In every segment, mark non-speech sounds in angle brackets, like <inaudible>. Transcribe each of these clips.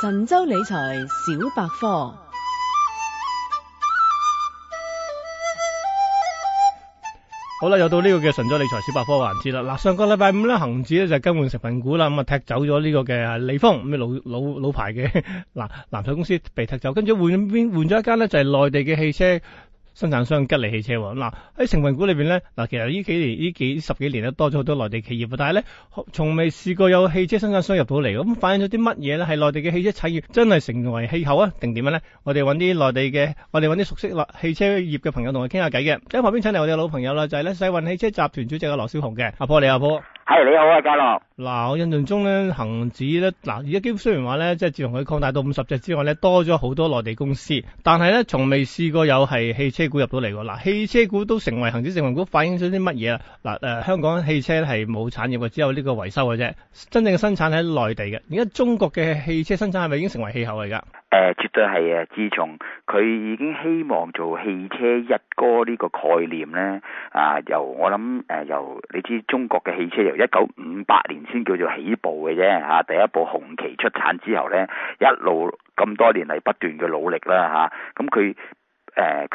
神州理財小百科，好啦，又到呢個嘅神州理財小百科環節啦。嗱，上個禮拜五咧，恒指咧就更換成分股啦，咁啊踢走咗呢個嘅利豐，咁老老老牌嘅嗱藍籌公司被踢走，跟住換邊換咗一間咧就係內地嘅汽車。生產商吉利汽車，咁嗱喺成分股裏邊咧，嗱其實呢幾年呢幾十幾年咧多咗好多內地企業啊，但係咧從未試過有汽車生產商入到嚟，咁、啊、反映咗啲乜嘢咧？係內地嘅汽車產業真係成為氣候啊，定點樣咧？我哋揾啲內地嘅，我哋揾啲熟悉內汽車業嘅朋友同佢傾下偈嘅。喺旁邊請嚟我哋嘅老朋友啦，就係、是、咧世運汽車集團主席嘅羅小雄嘅，阿坡你阿坡。係你好，啊，嘉樂。嗱、啊，我印象中咧，恒指咧，嗱、啊，而家基本雖然話咧，即係自從佢擴大到五十隻之外咧，多咗好多內地公司，但係咧，從未試過有係汽車股入到嚟過。嗱、啊，汽車股都成為恒指成分股，反映咗啲乜嘢啊？嗱，誒，香港汽車咧係冇產業嘅，只有呢個維修嘅啫。真正嘅生產喺內地嘅。而家中國嘅汽車生產係咪已經成為氣候嚟㗎？誒、呃，絕對係啊！自從佢已經希望做汽車一哥呢個概念咧，啊，由我諗誒、呃，由你知中國嘅汽車由一九五八年先叫做起步嘅啫嚇。第一部紅旗出產之後咧，一路咁多年嚟不斷嘅努力啦嚇。咁佢。誒，佢、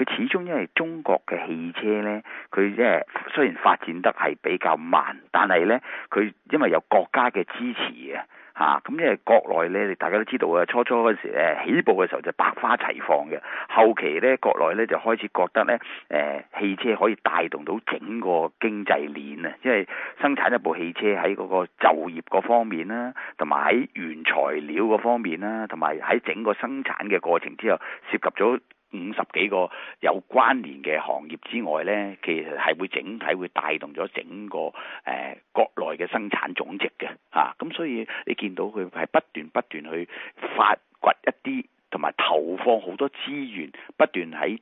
呃、始終因為中國嘅汽車咧，佢即係雖然發展得係比較慢，但係咧佢因為有國家嘅支持啊，嚇咁因為國內咧，大家都知道啊，初初嗰時咧，起步嘅時候就百花齊放嘅，後期咧國內咧就開始覺得咧誒、欸、汽車可以帶動到整個經濟鏈啊，因為生產一部汽車喺嗰個就業嗰方面啦，同埋喺原材料嗰方面啦，同埋喺整個生產嘅過程之後涉及咗。五十幾個有關連嘅行業之外呢，其實係會整體會帶動咗整個誒、呃、國內嘅生產總值嘅嚇，咁、啊、所以你見到佢係不斷不斷去發掘一啲，同埋投放好多資源，不斷喺。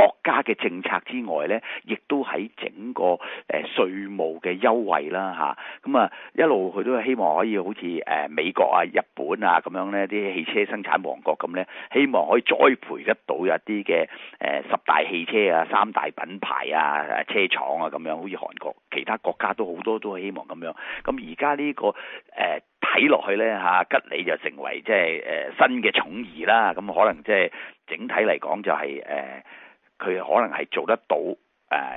國家嘅政策之外呢，亦都喺整個誒稅務嘅優惠啦吓咁啊，啊一路佢都希望可以好似誒美國啊、日本啊咁樣呢啲汽車生產王國咁呢，希望可以栽培得到一啲嘅誒十大汽車啊、三大品牌啊、啊車廠啊咁樣，好似韓國，其他國家都好多都希望咁樣。咁而家呢個誒睇落去呢，嚇、啊，吉利就成為即係誒新嘅寵兒啦。咁、啊、可能即、就、係、是、整體嚟講就係、是、誒。啊啊啊佢可能係做得到，誒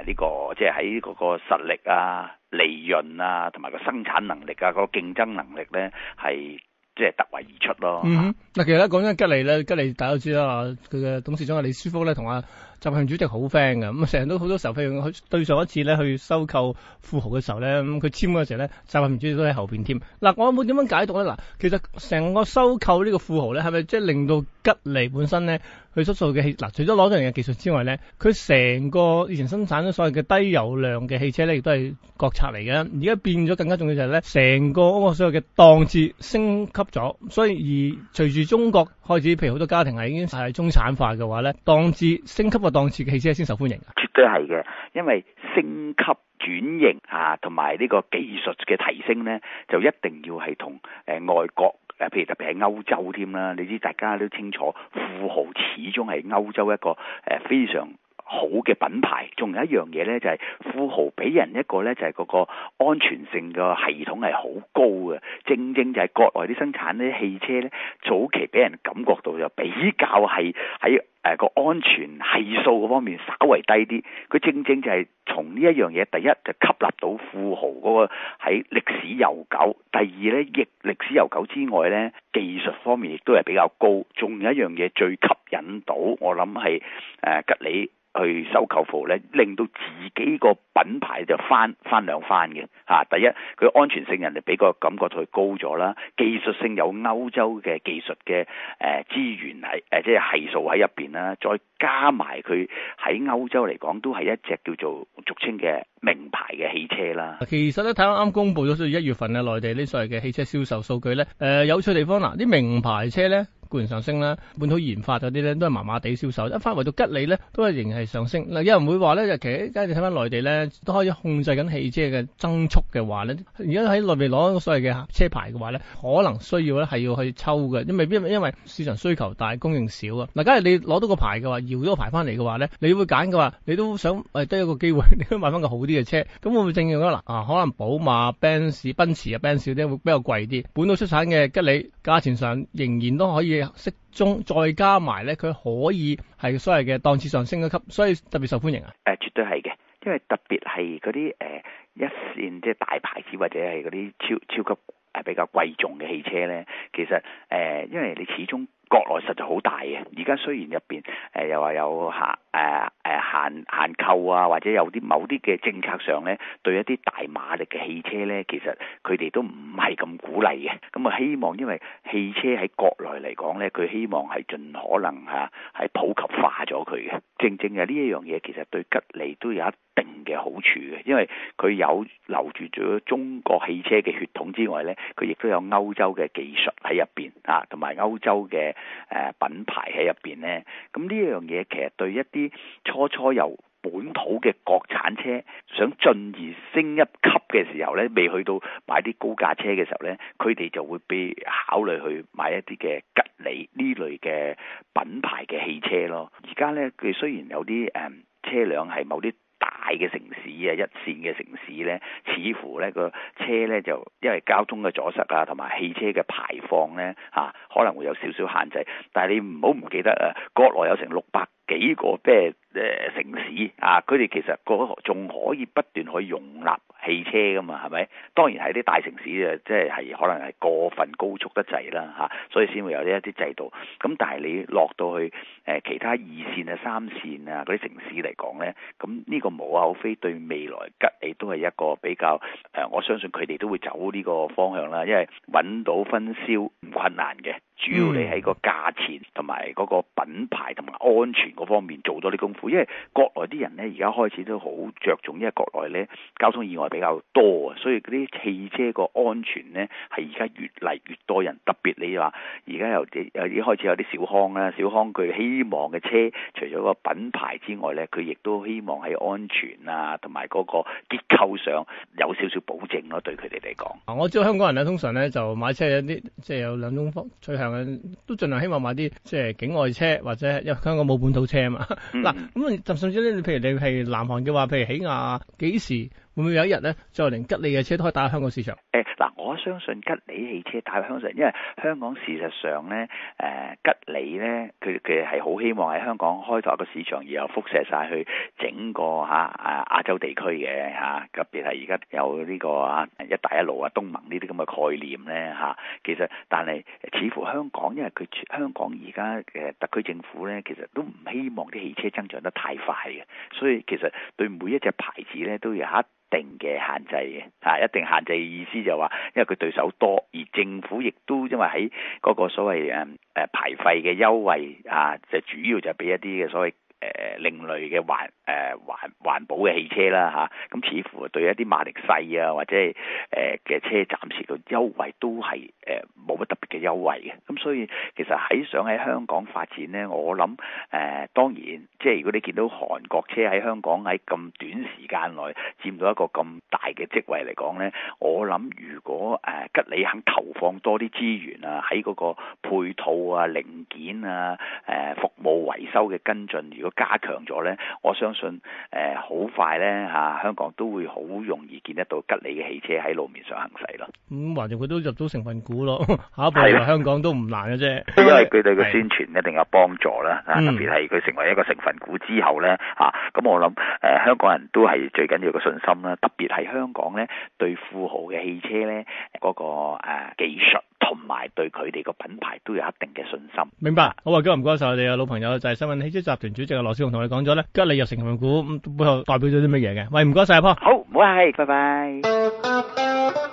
呢個即係喺嗰個實力啊、利潤啊，同埋個生產能力啊、嗰個競爭能力咧，係即係突圍而出咯。嗯哼，嗱，其實咧講緊吉利咧，吉利大家都知啦，佢嘅董事長李書福咧，同阿習近平主席好 friend 嘅，咁成日都好多時候譬如去對上一次咧去收購富豪嘅時候咧，咁佢簽嘅時候咧，習近平主席都喺後邊添。嗱，我有冇點樣解讀咧？嗱，其實成個收購呢個富豪咧，係咪即係令到吉利本身咧？佢出數嘅氣嗱，除咗攞咗人嘅技術之外咧，佢成個以前生產咗所謂嘅低油量嘅汽車咧，亦都係國策嚟嘅。而家變咗更加重要就係咧，成個嗰個所謂嘅檔次升級咗。所以而隨住中國開始，譬如好多家庭係已經係中產化嘅話咧，檔次升級嘅檔次嘅汽車先受歡迎。絕對係嘅，因為升級轉型啊，同埋呢個技術嘅提升咧，就一定要係同誒外國。譬如特別係歐洲添啦，你知大家都清楚，富豪始終係歐洲一個誒非常。好嘅品牌，仲有一樣嘢咧，就係富豪俾人一個咧，就係嗰個安全性嘅系統係好高嘅。正正就係國內啲生產啲汽車咧，早期俾人感覺到就比較係喺誒個安全係數嗰方面稍微低啲。佢正正就係從呢一樣嘢，第一就吸納到富豪嗰個喺歷史悠久，第二咧亦歷史悠久之外咧，技術方面亦都係比較高。仲有一樣嘢最吸引到我諗，係誒吉利。隔去收購貨咧，令到自己個品牌就翻翻兩番嘅嚇。第一，佢安全性人哋俾個感覺佢高咗啦，技術性有歐洲嘅技術嘅誒、呃、資源喺誒、呃、即係係數喺入邊啦，再加埋佢喺歐洲嚟講都係一隻叫做俗稱嘅名牌嘅汽車啦。其實咧，睇下啱公布咗對一月份嘅內地呢所謂嘅汽車銷售數據咧，誒、呃、有趣地方嗱，啲、啊、名牌車咧。固然上升啦，本土研發嗰啲咧都係麻麻地銷售。一翻嚟到吉利咧，都係仍係上升。嗱，有人會話咧，就其實而家你睇翻內地咧，都可以控制緊汽車嘅增速嘅話咧，而家喺內地攞個所謂嘅車牌嘅話咧，可能需要咧係要去抽嘅，因為因為市場需求大，供應少啊。嗱，假如你攞到個牌嘅話，搖咗個牌翻嚟嘅話咧，你會揀嘅話，你都想誒得一個機會，你 <laughs> 都買翻個好啲嘅車，咁會唔會正用咧？嗱，啊可能寶馬、奔馳、奔馳啊、奔馳啲會比較貴啲，本土出產嘅吉利價錢上仍然都可以。適中，再加埋咧，佢可以係所謂嘅檔次上升一級，所以特別受歡迎啊！誒，絕對係嘅，因為特別係嗰啲誒一線即係、就是、大牌子、或者係嗰啲超超級誒、呃、比較貴重嘅汽車咧，其實誒、呃、因為你始終。國內實在好大嘅，而家雖然入面誒又話有限誒誒限限購啊，或者有啲某啲嘅政策上咧，對一啲大馬力嘅汽車咧，其實佢哋都唔係咁鼓勵嘅。咁、嗯、啊，希望因為汽車喺國內嚟講咧，佢希望係盡可能嚇、啊、係普及化咗佢嘅。正正嘅呢一樣嘢，其實對吉利都有一定嘅好處嘅，因為佢有留住咗中國汽車嘅血統之外咧，佢亦都有歐洲嘅技術喺入邊啊，同埋歐洲嘅誒、呃、品牌喺入邊咧。咁呢一樣嘢其實對一啲初初有本土嘅國產車想進而升一級嘅時候呢，未去到買啲高價車嘅時候呢，佢哋就會被考慮去買一啲嘅吉利呢類嘅品牌嘅汽車咯。而家呢，佢雖然有啲誒、嗯、車輛係某啲大嘅城市啊、一線嘅城市呢，似乎呢個車呢，就因為交通嘅阻塞啊，同埋汽車嘅排放呢，嚇、啊、可能會有少少限制。但係你唔好唔記得啊，國內有成六百幾個咩？誒、呃、城市啊，佢哋其實個仲可以不斷去容納。汽車㗎嘛係咪？當然喺啲大城市誒，即係係可能係過分高速得滯啦吓，所以先會有呢一啲制度。咁、啊、但係你落到去誒、呃、其他二線啊、三線啊嗰啲城市嚟講呢，咁、嗯、呢、呢個無可厚非，對未來吉利都係一個比較誒、呃，我相信佢哋都會走呢個方向啦。因為揾到分銷唔困難嘅，主要你喺個價錢同埋嗰個品牌同埋安全嗰方面做多啲功夫。因為國內啲人呢，而家開始都好着重，因為國內呢，交通意外。比較多啊，所以嗰啲汽車個安全呢，係而家越嚟越多人。特別你話而家有啲，又一開始有啲小康啦，小康佢希望嘅車，除咗個品牌之外呢，佢亦都希望係安全啊，同埋嗰個結構上有少少保證咯、啊，對佢哋嚟講。我知道香港人呢，通常呢就買車有啲，即係有兩種方向嘅，都盡量希望買啲即係境外車，或者因為香港冇本土車嘛。嗱 <laughs> 咁、嗯、甚至咧，你譬如你係南韓嘅話，譬如起亞幾時？會唔會有一日咧，再連吉利嘅車都可以打入香港市場？誒，嗱，我相信吉利汽車打入香港市場，因為香港事實上咧，誒、呃，吉利咧，佢佢係好希望喺香港開拓個市場，然後輻射晒去整個吓啊亞、啊、洲地區嘅吓，特別係而家有呢、這個吓一帶一路啊、東盟呢啲咁嘅概念咧吓、啊。其實，但係似乎香港因為佢香港而家嘅特區政府咧，其實都唔希望啲汽車增長得太快嘅，所以其實對每一隻牌子咧都有一。定嘅限制嘅，吓、啊，一定限制嘅意思就話、係、因為佢對手多，而政府亦都因為喺嗰個所謂誒誒排廢嘅優惠啊，就主要就係俾一啲嘅所謂，誒另類嘅環誒、呃、環環保嘅汽車啦，嚇。咁、啊、似乎對一啲馬力細啊，或者係誒嘅車暫時嘅優惠都係誒冇乜特別嘅優惠嘅，咁所以其實喺想喺香港發展咧，我諗誒、呃、當然即係如果你見到韓國車喺香港喺咁短時間內佔到一個咁大嘅職位嚟講咧，我諗如果誒、呃、吉利肯投放多啲資源啊，喺嗰個配套啊、零件啊誒、呃、服務維修嘅跟進，如果加強咗呢，我相信誒好、呃、快呢，嚇、啊、香港都會好容易見得到吉利嘅汽車喺路面上行駛咯。橫掂佢都入咗成分股咯，下一步的香港都唔難嘅啫。因為佢對個宣傳的一定有幫助啦、啊，特別係佢成為一個成分股之後呢，嚇、嗯。咁、啊、我諗誒、啊、香港人都係最緊要嘅信心啦、啊，特別係香港呢，對富豪嘅汽車呢，嗰、嗰個、啊、技術。同埋對佢哋個品牌都有一定嘅信心。明白，好啊，今日唔該晒我哋嘅老朋友，就係、是、世運汽車集團主席嘅羅少雄同你講咗咧，吉利入恒指成分股，背後代表咗啲乜嘢嘅？喂，唔該晒阿坡，好，唔該曬，拜拜。 <music>